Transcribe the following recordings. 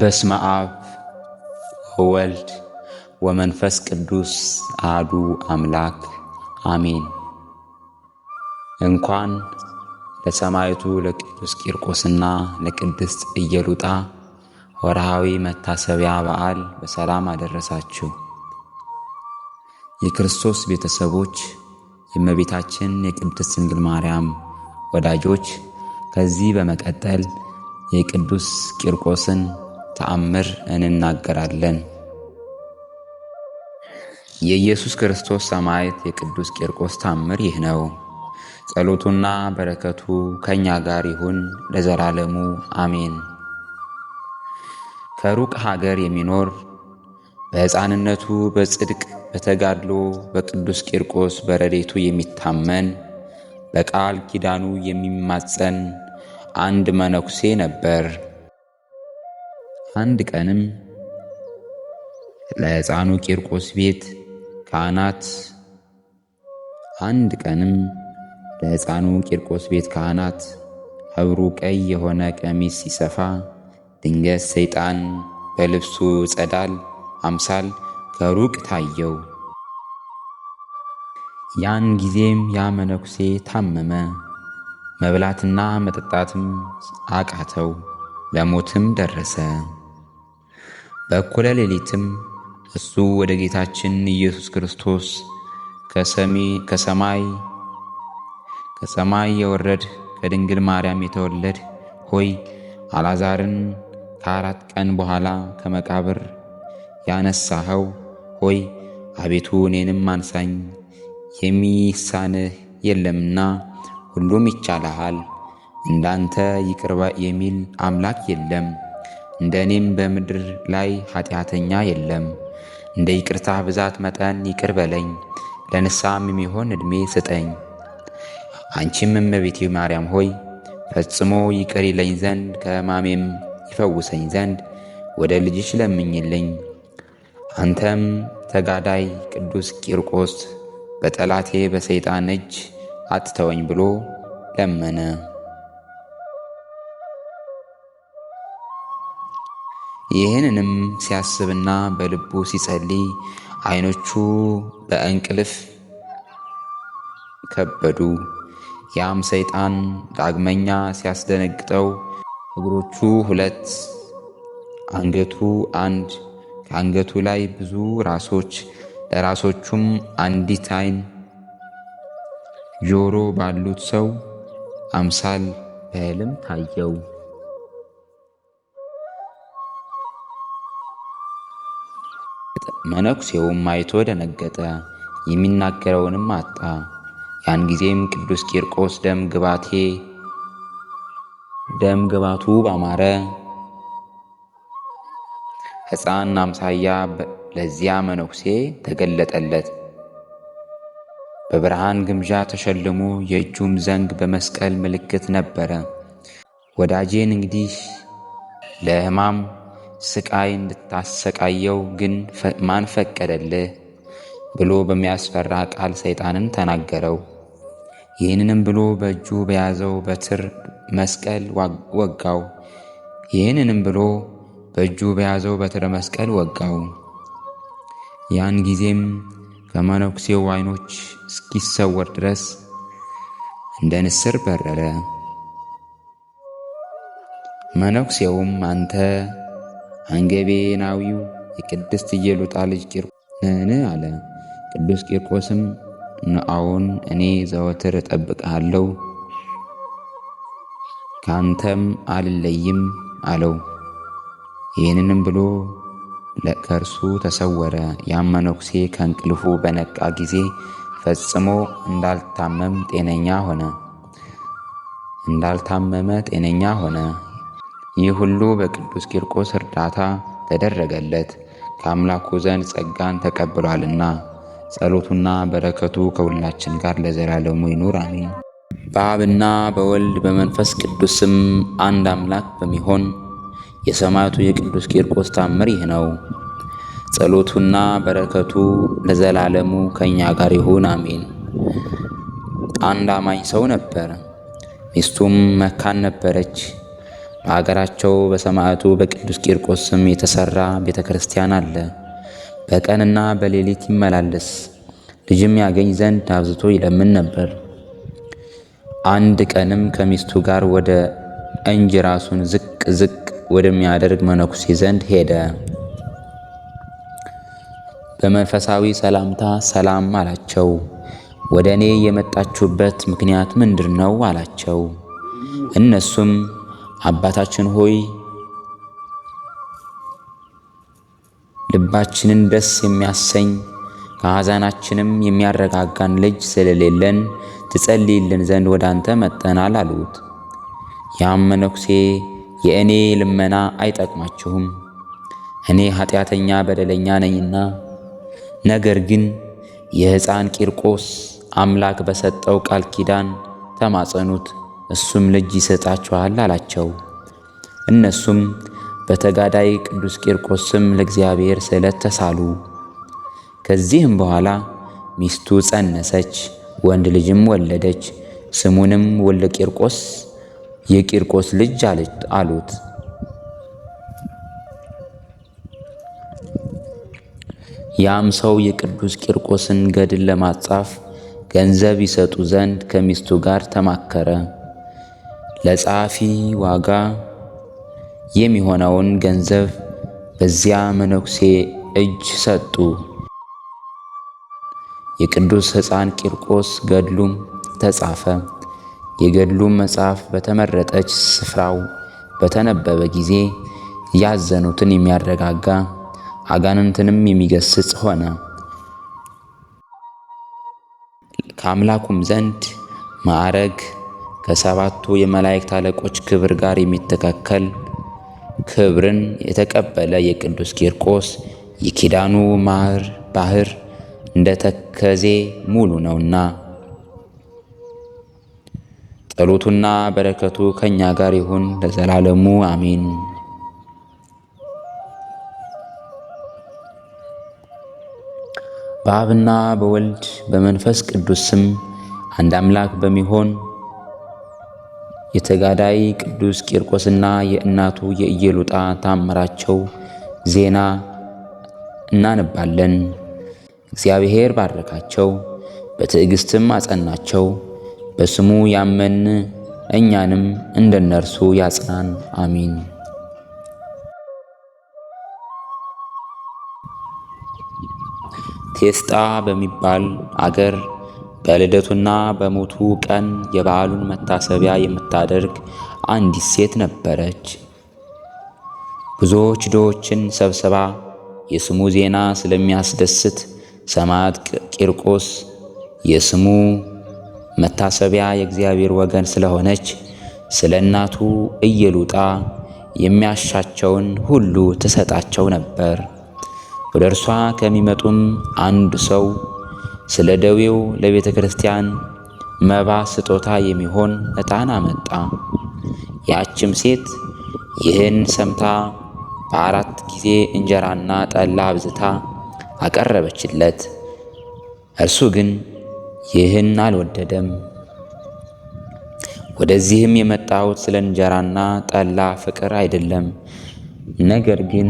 በስመ አብ ወወልድ ወመንፈስ ቅዱስ አሐዱ አምላክ አሜን። እንኳን ለሰማዕቱ ለቅዱስ ቂርቆስና ለቅድስት እየሉጣ ወርሃዊ መታሰቢያ በዓል በሰላም አደረሳችሁ። የክርስቶስ ቤተሰቦች፣ የእመቤታችን የቅድስት ድንግል ማርያም ወዳጆች ከዚህ በመቀጠል የቅዱስ ቂርቆስን ተአምር እንናገራለን። የኢየሱስ ክርስቶስ ሰማዕት የቅዱስ ቂርቆስ ታምር ይህ ነው። ጸሎቱና በረከቱ ከእኛ ጋር ይሁን ለዘላለሙ አሜን። ከሩቅ ሀገር የሚኖር በሕፃንነቱ በጽድቅ በተጋድሎ በቅዱስ ቂርቆስ በረዴቱ የሚታመን በቃል ኪዳኑ የሚማጸን አንድ መነኩሴ ነበር። አንድ ቀንም ለሕፃኑ ቂርቆስ ቤት ካህናት አንድ ቀንም ለሕፃኑ ቂርቆስ ቤት ካህናት ኅብሩ ቀይ የሆነ ቀሚስ ሲሰፋ ድንገት ሰይጣን በልብሱ ጸዳል አምሳል ከሩቅ ታየው። ያን ጊዜም ያ መነኩሴ ታመመ፣ መብላትና መጠጣትም አቃተው፣ ለሞትም ደረሰ። በእኩለ ሌሊትም እሱ ወደ ጌታችን ኢየሱስ ክርስቶስ ከሰማይ ከሰማይ የወረድ ከድንግል ማርያም የተወለድ ሆይ አላዛርን ከአራት ቀን በኋላ ከመቃብር ያነሳኸው ሆይ አቤቱ እኔንም አንሳኝ፣ የሚሳንህ የለምና ሁሉም ይቻልሃል፣ እንዳንተ ይቅርባ የሚል አምላክ የለም። እንደ እኔም በምድር ላይ ኃጢአተኛ የለም። እንደ ይቅርታ ብዛት መጠን ይቅር በለኝ፣ ለንስሐም የሚሆን ዕድሜ ስጠኝ። አንቺም እመቤቴ ማርያም ሆይ ፈጽሞ ይቅር ይለኝ ዘንድ ከሕማሜም ይፈውሰኝ ዘንድ ወደ ልጅሽ ለምኝልኝ። አንተም ተጋዳይ ቅዱስ ቂርቆስ በጠላቴ በሰይጣን እጅ አጥተወኝ ብሎ ለመነ። ይህንንም ሲያስብና በልቡ ሲጸልይ ዓይኖቹ በእንቅልፍ ከበዱ። ያም ሰይጣን ዳግመኛ ሲያስደነግጠው እግሮቹ ሁለት፣ አንገቱ አንድ፣ ከአንገቱ ላይ ብዙ ራሶች፣ ለራሶቹም አንዲት ዓይን፣ ጆሮ ባሉት ሰው አምሳል በሕልም ታየው። መነኩሴውም አይቶ ደነገጠ፣ የሚናገረውንም አጣ። ያን ጊዜም ቅዱስ ቂርቆስ ደም ግባቴ ደም ግባቱ ባማረ ሕፃን አምሳያ ለዚያ መነኩሴ ተገለጠለት። በብርሃን ግምዣ ተሸልሞ የእጁም ዘንግ በመስቀል ምልክት ነበረ። ወዳጄን እንግዲህ ለሕማም ስቃይ እንድታሰቃየው ግን ማን ፈቀደልህ ብሎ በሚያስፈራ ቃል ሰይጣንን ተናገረው። ይህንንም ብሎ በእጁ በያዘው በትር መስቀል ወጋው። ይህንንም ብሎ በእጁ በያዘው በትረ መስቀል ወጋው። ያን ጊዜም ከመነኩሴው ዓይኖች እስኪሰወር ድረስ እንደ ንስር በረረ። መነኩሴውም አንተ አንገቤናዊው የቅድስት ኢየሉጣ ልጅ ቂርቆስን አለ። ቅዱስ ቂርቆስም ንአውን እኔ ዘወትር እጠብቅሃለሁ ካንተም አልለይም አለው። ይህንንም ብሎ ከእርሱ ተሰወረ። ያም መነኩሴ ከእንቅልፉ በነቃ ጊዜ ፈጽሞ እንዳልታመም ጤነኛ ሆነ እንዳልታመመ ጤነኛ ሆነ። ይህ ሁሉ በቅዱስ ቂርቆስ እርዳታ ተደረገለት። ከአምላኩ ዘንድ ጸጋን ተቀብሏልና ጸሎቱና በረከቱ ከሁላችን ጋር ለዘላለሙ ይኑር አሜን። በአብና በወልድ በመንፈስ ቅዱስም አንድ አምላክ በሚሆን የሰማዕቱ የቅዱስ ቂርቆስ ታምር ይህ ነው። ጸሎቱና በረከቱ ለዘላለሙ ከእኛ ጋር ይሁን አሜን። አንድ አማኝ ሰው ነበር። ሚስቱም መካን ነበረች። በአገራቸው በሰማዕቱ በቅዱስ ቂርቆስ ስም የተሰራ ቤተ ክርስቲያን አለ። በቀንና በሌሊት ይመላለስ ልጅም ያገኝ ዘንድ አብዝቶ ይለምን ነበር። አንድ ቀንም ከሚስቱ ጋር ወደ እንጅ ራሱን ዝቅ ዝቅ ወደሚያደርግ መነኩሴ ዘንድ ሄደ። በመንፈሳዊ ሰላምታ ሰላም አላቸው። ወደ እኔ የመጣችሁበት ምክንያት ምንድር ነው? አላቸው እነሱም አባታችን ሆይ ልባችንን ደስ የሚያሰኝ ከሐዘናችንም የሚያረጋጋን ልጅ ስለሌለን ትጸልይልን ዘንድ ወደ አንተ መጠናል አሉት። ያም መነኩሴ የእኔ ልመና አይጠቅማችሁም፣ እኔ ኃጢአተኛ በደለኛ ነኝና፣ ነገር ግን የሕፃን ቂርቆስ አምላክ በሰጠው ቃል ኪዳን ተማጸኑት እሱም ልጅ ይሰጣችኋል አላቸው። እነሱም በተጋዳይ ቅዱስ ቂርቆስ ስም ለእግዚአብሔር ስዕለት ተሳሉ። ከዚህም በኋላ ሚስቱ ጸነሰች፣ ወንድ ልጅም ወለደች። ስሙንም ወልደ ቂርቆስ የቂርቆስ ልጅ አሉት። ያም ሰው የቅዱስ ቂርቆስን ገድል ለማጻፍ ገንዘብ ይሰጡ ዘንድ ከሚስቱ ጋር ተማከረ። ለጸሐፊ ዋጋ የሚሆነውን ገንዘብ በዚያ መነኩሴ እጅ ሰጡ። የቅዱስ ሕፃን ቂርቆስ ገድሉም ተጻፈ። የገድሉም መጽሐፍ በተመረጠች ስፍራው በተነበበ ጊዜ ያዘኑትን የሚያረጋጋ አጋንንትንም የሚገስጽ ሆነ። ከአምላኩም ዘንድ ማዕረግ ከሰባቱ የመላእክት አለቆች ክብር ጋር የሚተካከል ክብርን የተቀበለ የቅዱስ ቂርቆስ የኪዳኑ ማር ባህር እንደ ተከዜ ሙሉ ነውና ጸሎቱና በረከቱ ከእኛ ጋር ይሁን ለዘላለሙ አሜን። በአብና በወልድ በመንፈስ ቅዱስ ስም አንድ አምላክ በሚሆን የተጋዳይ ቅዱስ ቂርቆስና የእናቱ የኢየሉጣ ታምራቸው ዜና እናነባለን። እግዚአብሔር ባረካቸው፣ በትዕግስትም አጸናቸው። በስሙ ያመን እኛንም እንደነርሱ ያጽናን፣ አሚን። ቴስጣ በሚባል አገር በልደቱና በሞቱ ቀን የበዓሉን መታሰቢያ የምታደርግ አንዲት ሴት ነበረች። ብዙዎች ድሆችን ሰብስባ የስሙ ዜና ስለሚያስደስት ሰማዕት ቂርቆስ የስሙ መታሰቢያ የእግዚአብሔር ወገን ስለሆነች ስለ እናቱ እየሉጣ የሚያሻቸውን ሁሉ ትሰጣቸው ነበር። ወደ እርሷ ከሚመጡም አንድ ሰው ስለ ደዌው ለቤተ ክርስቲያን መባ ስጦታ የሚሆን ዕጣን አመጣ። ያችም ሴት ይህን ሰምታ በአራት ጊዜ እንጀራና ጠላ አብዝታ አቀረበችለት። እርሱ ግን ይህን አልወደደም። ወደዚህም የመጣሁት ስለ እንጀራና ጠላ ፍቅር አይደለም፣ ነገር ግን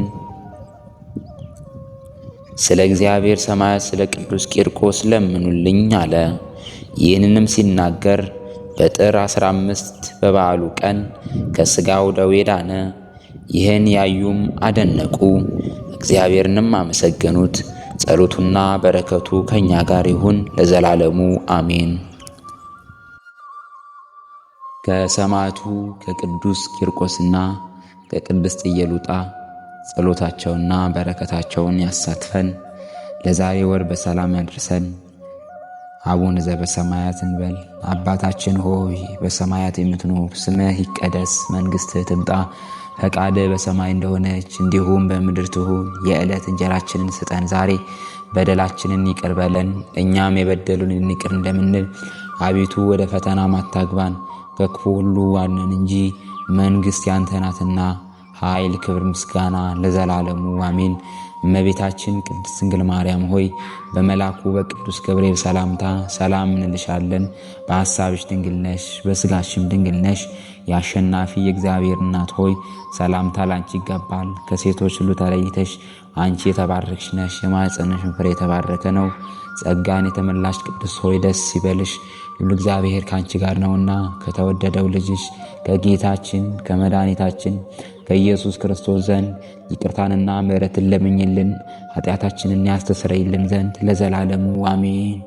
ስለ እግዚአብሔር ሰማያት ስለ ቅዱስ ቂርቆስ ለምኑልኝ አለ። ይህንንም ሲናገር በጥር 15 በበዓሉ ቀን ከሥጋው ደዌ ዳነ። ይህን ያዩም አደነቁ፣ እግዚአብሔርንም አመሰገኑት። ጸሎቱና በረከቱ ከእኛ ጋር ይሁን ለዘላለሙ አሜን። ከሰማዕቱ ከቅዱስ ቂርቆስና ከቅድስት ኢየሉጣ ጸሎታቸውና በረከታቸውን ያሳትፈን፣ ለዛሬ ወር በሰላም ያድርሰን። አቡነ ዘበሰማያት እንበል። አባታችን ሆይ በሰማያት የምትኖር፣ ስምህ ይቀደስ፣ መንግስትህ ትምጣ፣ ፈቃድህ በሰማይ እንደሆነች እንዲሁም በምድር ትሁን። የዕለት እንጀራችንን ስጠን ዛሬ፣ በደላችንን ይቅር በለን እኛም የበደሉን ይቅር እንደምንል፣ አቤቱ ወደ ፈተና ማታግባን፣ ከክፉ ሁሉ ዋነን እንጂ መንግስት ያንተ ናትና ኃይል፣ ክብር፣ ምስጋና ለዘላለሙ አሜን። እመቤታችን ቅድስት ድንግል ማርያም ሆይ በመላኩ በቅዱስ ገብርኤል ሰላምታ ሰላም እንልሻለን። በሐሳብሽ ድንግል ነሽ፣ በስጋሽም ድንግል ነሽ። የአሸናፊ የእግዚአብሔር እናት ሆይ ሰላምታ ላንቺ ይገባል። ከሴቶች ሁሉ ተለይተሽ አንቺ የተባረክሽ ነሽ፣ የማኅፀንሽ ፍሬ የተባረከ ነው። ጸጋን የተመላሽ ቅድስት ሆይ ደስ ይበልሽ ሁሉ እግዚአብሔር ከአንቺ ጋር ነውና ከተወደደው ልጅሽ ከጌታችን ከመድኃኒታችን ከኢየሱስ ክርስቶስ ዘንድ ይቅርታንና ምዕረትን ለምኝልን ኃጢአታችንን ያስተሰርይልን ዘንድ ለዘላለሙ አሜን።